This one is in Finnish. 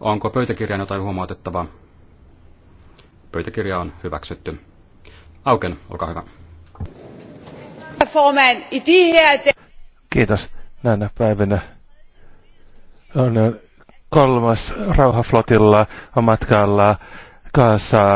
Onko pöytäkirjaan jotain huomautettavaa? Pöytäkirja on hyväksytty. Auken, olkaa hyvä. Kiitos näinä päivinä. On kolmas rauhaflotilla on matkalla Kaasaan